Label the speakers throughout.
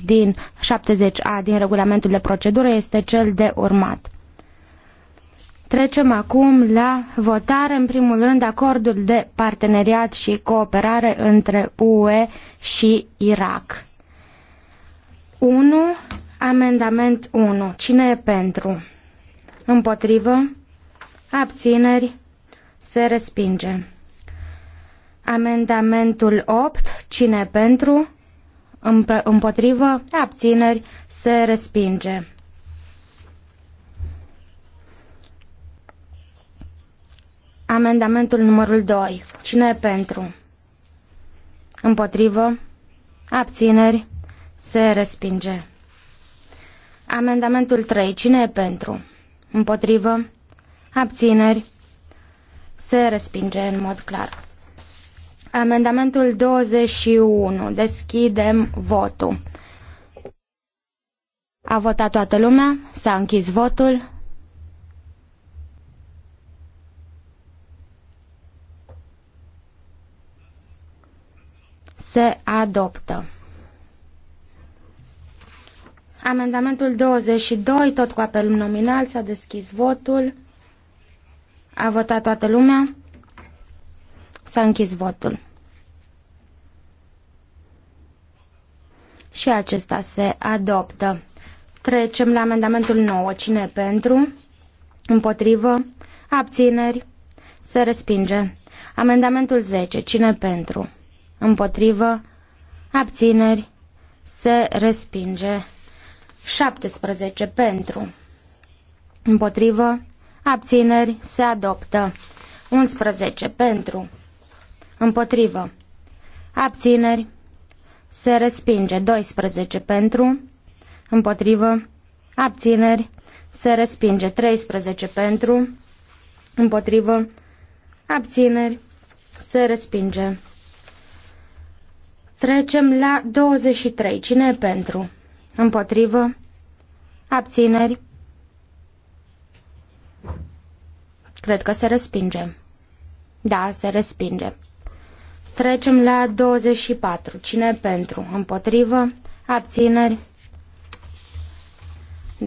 Speaker 1: din 70A din regulamentul de procedură este cel de urmat. Trecem acum la votare, în primul rând, acordul de parteneriat și cooperare între UE și Irak. 1. Amendament 1. Cine e pentru? Împotrivă? Abțineri? Se respinge. Amendamentul 8. Cine e pentru? împotrivă, abțineri, se respinge. Amendamentul numărul 2. Cine e pentru? Împotrivă, abțineri, se respinge. Amendamentul 3. Cine e pentru? Împotrivă, abțineri, se respinge în mod clar. Amendamentul 21. Deschidem votul. A votat toată lumea? S-a închis votul? Se adoptă. Amendamentul 22, tot cu apel nominal, s-a deschis votul. A votat toată lumea? S-a închis votul. Și acesta se adoptă. Trecem la amendamentul 9. Cine pentru? Împotrivă? Abțineri? Se respinge. Amendamentul 10. Cine pentru? Împotrivă? Abțineri? Se respinge. 17. Pentru? Împotrivă? Abțineri? Se adoptă. 11. Pentru? Împotrivă. Abțineri. Se respinge. 12 pentru. Împotrivă. Abțineri. Se respinge. 13 pentru. Împotrivă. Abțineri. Se respinge. Trecem la 23. Cine e pentru? Împotrivă. Abțineri. Cred că se respinge. Da, se respinge. Trecem la 24. Cine pentru? Împotrivă? Abțineri?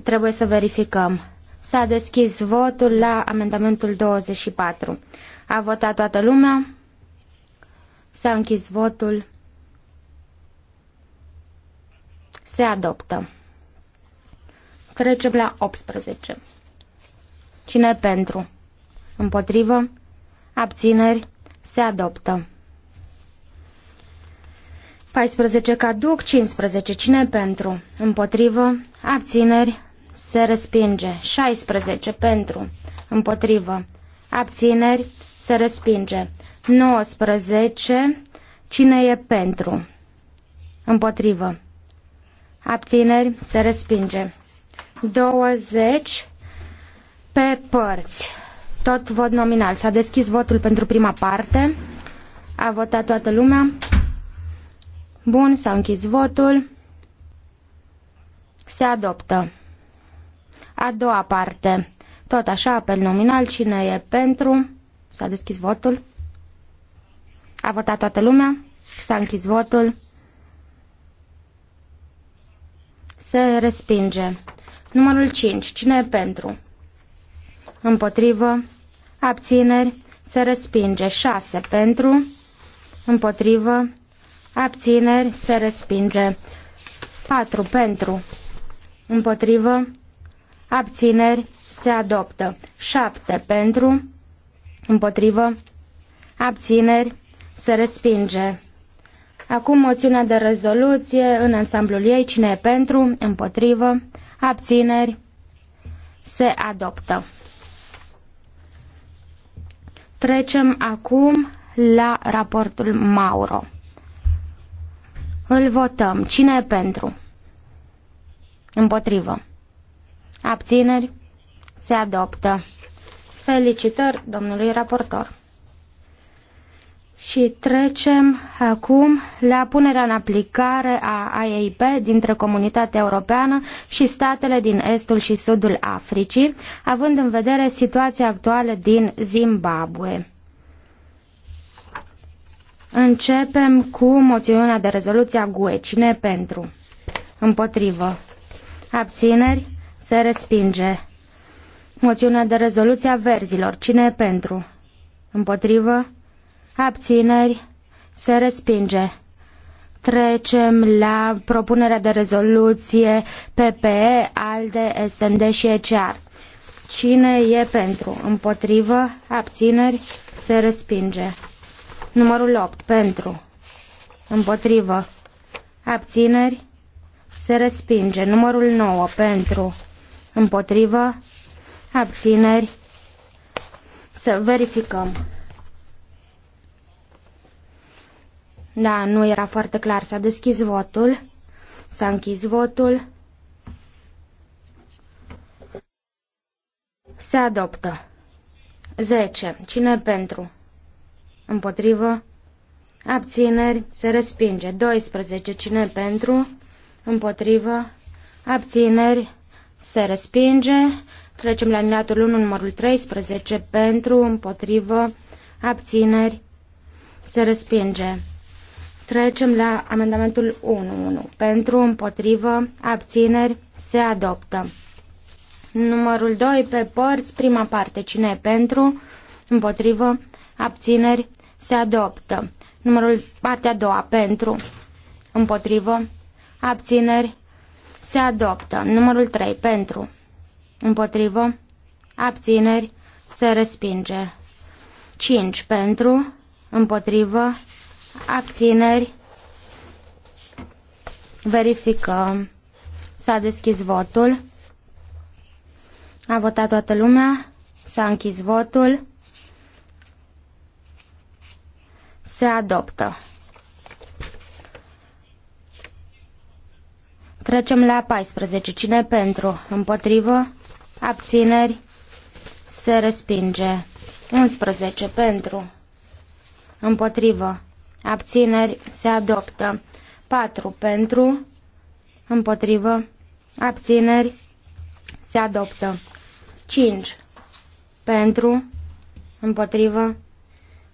Speaker 1: Trebuie să verificăm. S-a deschis votul la amendamentul 24. A votat toată lumea? S-a închis votul. Se adoptă. Trecem la 18. Cine pentru? Împotrivă? Abțineri? Se adoptă. 14 caduc, 15 cine pentru? Împotrivă, abțineri, se respinge. 16 pentru, împotrivă, abțineri, se respinge. 19 cine e pentru? Împotrivă. Abțineri, se respinge. 20 pe părți. Tot vot nominal. S-a deschis votul pentru prima parte. A votat toată lumea. Bun, s-a închis votul. Se adoptă. A doua parte. Tot așa, apel nominal. Cine e pentru? S-a deschis votul. A votat toată lumea. S-a închis votul. Se respinge. Numărul 5. Cine e pentru? Împotrivă. Abțineri. Se respinge. 6 pentru. Împotrivă abțineri, se respinge. 4 pentru, împotrivă, abțineri, se adoptă. 7 pentru, împotrivă, abțineri, se respinge. Acum moțiunea de rezoluție în ansamblul ei, cine e pentru, împotrivă, abțineri, se adoptă. Trecem acum la raportul Mauro. Îl votăm. Cine e pentru? Împotrivă. Abțineri? Se adoptă. Felicitări domnului raportor. Și trecem acum la punerea în aplicare a IAP dintre Comunitatea Europeană și statele din estul și sudul Africii, având în vedere situația actuală din Zimbabwe. Începem cu moțiunea de rezoluție a GUE. Cine pentru? Împotrivă. Abțineri? Se respinge. Moțiunea de rezoluție a verzilor. Cine pentru? Împotrivă? Abțineri? Se respinge. Trecem la propunerea de rezoluție PPE, ALDE, SND și ECR. Cine e pentru? Împotrivă? Abțineri? Se respinge. Numărul 8. Pentru. Împotrivă. Abțineri. Se respinge. Numărul 9. Pentru. Împotrivă. Abțineri. Să verificăm. Da, nu era foarte clar. S-a deschis votul. S-a închis votul. Se adoptă. 10. Cine pentru? Împotrivă. Abțineri. Se respinge. 12. Cine pentru? Împotrivă. Abțineri. Se respinge. Trecem la alineatul 1, numărul 13. Pentru. Împotrivă. Abțineri. Se respinge. Trecem la amendamentul 1, 1, Pentru, împotrivă, abțineri, se adoptă. Numărul 2 pe părți, prima parte, cine e pentru, împotrivă, abțineri, se adoptă. Numărul partea a doua pentru, împotrivă, abțineri, se adoptă. Numărul 3 pentru, împotrivă, abțineri, se respinge. 5 pentru, împotrivă, abțineri, verificăm. S-a deschis votul. A votat toată lumea. S-a închis votul. Se adoptă. Trecem la 14. Cine pentru? Împotrivă? Abțineri? Se respinge. 11. Pentru? Împotrivă? Abțineri? Se adoptă. 4. Pentru? Împotrivă? Abțineri? Se adoptă. 5. Pentru? Împotrivă?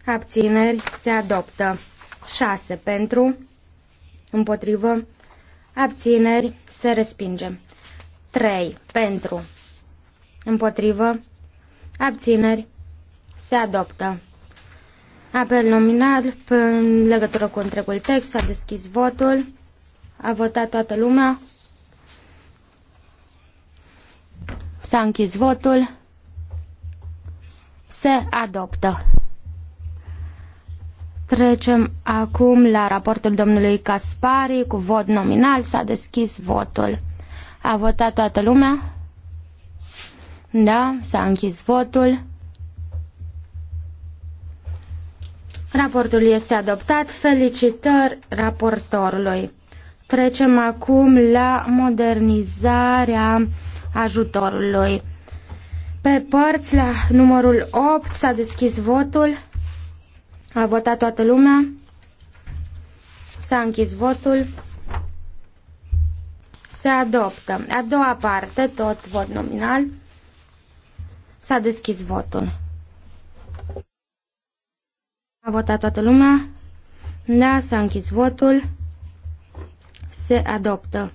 Speaker 1: Abțineri se adoptă. 6 pentru. Împotrivă. Abțineri se respinge. 3 pentru. Împotrivă. Abțineri se adoptă. Apel nominal în legătură cu întregul text. S-a deschis votul. A votat toată lumea. S-a închis votul. Se adoptă. Trecem acum la raportul domnului Caspari cu vot nominal. S-a deschis votul. A votat toată lumea? Da, s-a închis votul. Raportul este adoptat. Felicitări raportorului. Trecem acum la modernizarea ajutorului. Pe părți, la numărul 8, s-a deschis votul. A votat toată lumea. S-a închis votul. Se adoptă. A doua parte, tot vot nominal. S-a deschis votul. A votat toată lumea. Da, s-a închis votul. Se adoptă.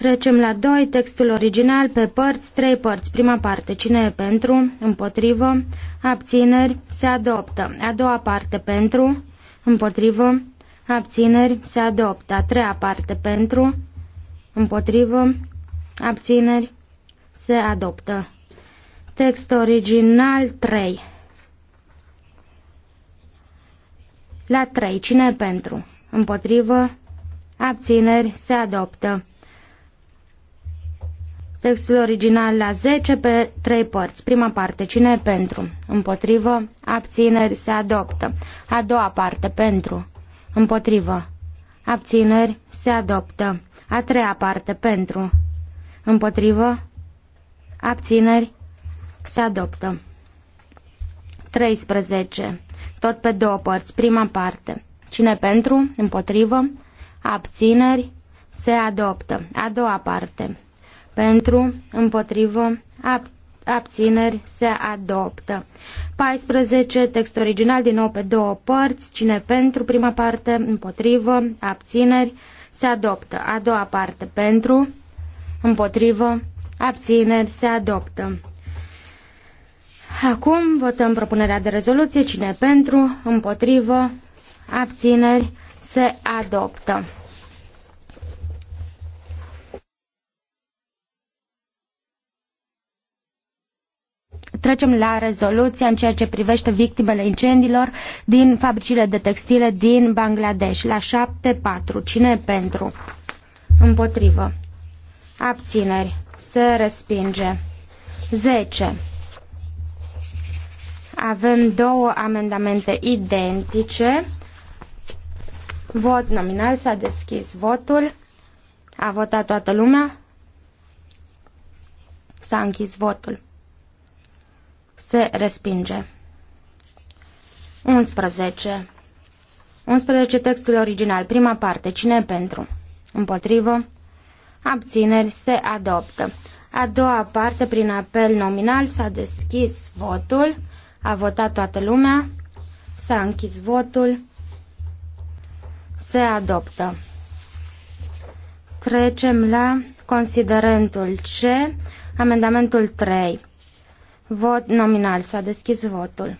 Speaker 1: Trecem la 2, textul original pe părți, 3 părți. Prima parte, cine e pentru, împotrivă, abțineri, se adoptă. A doua parte, pentru, împotrivă, abțineri, se adoptă. A treia parte, pentru, împotrivă, abțineri, se adoptă. Text original 3. La 3, cine e pentru, împotrivă, abțineri, se adoptă. Textul original la 10 pe 3 părți. Prima parte, cine e pentru? Împotrivă, abțineri, se adoptă. A doua parte, pentru. Împotrivă, abțineri, se adoptă. A treia parte, pentru. Împotrivă, abțineri, se adoptă. 13. Tot pe două părți, prima parte. Cine pentru? Împotrivă, abțineri, se adoptă. A doua parte pentru, împotrivă, ab abțineri, se adoptă. 14. Text original din nou pe două părți, cine pentru prima parte, împotrivă, abțineri, se adoptă. A doua parte pentru, împotrivă, abțineri, se adoptă. Acum votăm propunerea de rezoluție. Cine pentru, împotrivă, abțineri, se adoptă. Trecem la rezoluția în ceea ce privește victimele incendiilor din fabricile de textile din Bangladesh. La 7-4. Cine e pentru? Împotrivă. Abțineri. Se respinge. 10. Avem două amendamente identice. Vot nominal. S-a deschis votul. A votat toată lumea? S-a închis votul. Se respinge. 11. 11. Textul original. Prima parte. Cine pentru? Împotrivă. Abțineri. Se adoptă. A doua parte, prin apel nominal, s-a deschis votul. A votat toată lumea. S-a închis votul. Se adoptă. Trecem la considerentul C, amendamentul 3. Vot nominal. S-a deschis votul.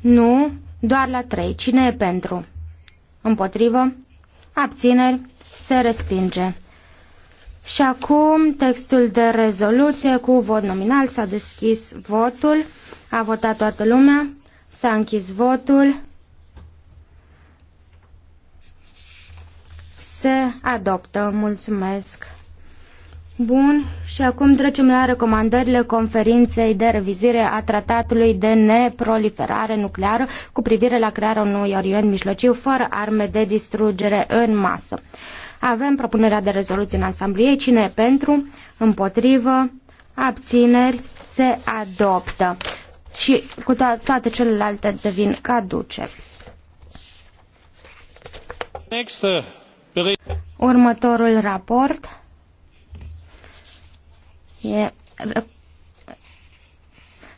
Speaker 1: Nu, doar la 3. Cine e pentru? Împotrivă? Abțineri? Se respinge. Și acum textul de rezoluție cu vot nominal. S-a deschis votul. A votat toată lumea. S-a închis votul. Se adoptă. Mulțumesc. Bun, și acum trecem la recomandările conferinței de revizire a tratatului de neproliferare nucleară cu privire la crearea unui Orient mijlociu fără arme de distrugere în masă. Avem propunerea de rezoluție în asamblie. Cine e pentru? Împotrivă? Abțineri? Se adoptă. Și cu to- toate celelalte devin caduce. Uh, Următorul raport E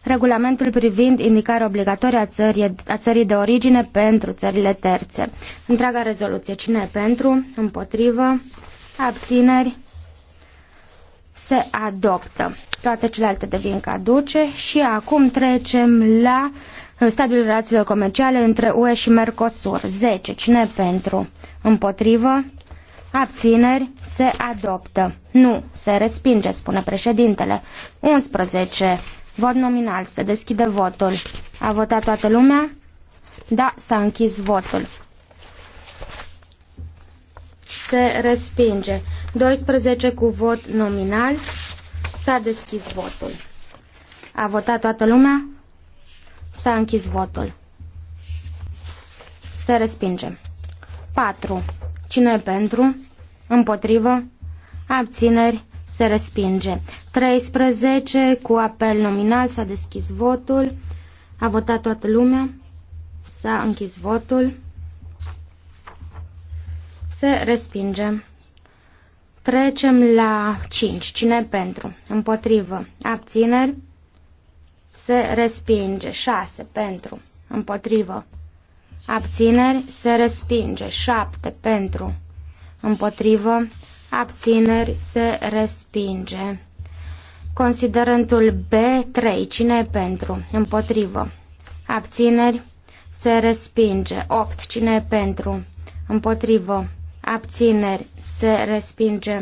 Speaker 1: regulamentul privind indicarea obligatorie a țării, a țării de origine pentru țările terțe. Întreaga rezoluție. Cine e pentru? Împotrivă? Abțineri? Se adoptă. Toate celelalte devin caduce și acum trecem la uh, stadiul relațiilor comerciale între UE și Mercosur. 10. Cine e pentru? Împotrivă? Abțineri se adoptă. Nu, se respinge, spune președintele. 11. Vot nominal. Se deschide votul. A votat toată lumea? Da, s-a închis votul. Se respinge. 12 cu vot nominal. S-a deschis votul. A votat toată lumea? S-a închis votul. Se respinge. 4. Cine e pentru? Împotrivă? Abțineri? Se respinge. 13. Cu apel nominal s-a deschis votul. A votat toată lumea. S-a închis votul. Se respinge. Trecem la 5. Cine pentru? Împotrivă. Abțineri? Se respinge. 6. Pentru. Împotrivă abțineri, se respinge. 7 pentru, împotrivă, abțineri, se respinge. Considerentul B3, cine e pentru, împotrivă, abțineri, se respinge. 8, cine e pentru, împotrivă, abțineri, se respinge.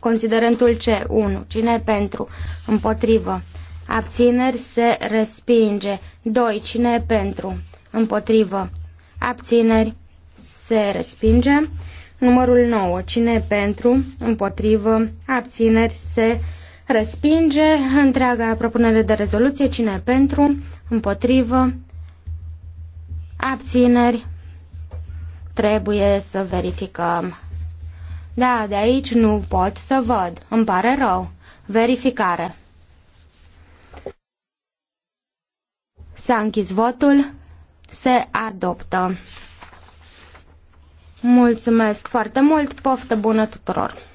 Speaker 1: Considerentul C1, cine e pentru, împotrivă, abțineri, se respinge. 2, cine e pentru, împotrivă, abțineri, se respinge. Numărul 9, cine pentru, împotrivă, abțineri, se respinge. Întreaga propunere de rezoluție, cine pentru, împotrivă, abțineri, trebuie să verificăm. Da, de aici nu pot să văd. Îmi pare rău. Verificare. S-a închis votul se adoptă. Mulțumesc foarte mult, poftă bună tuturor!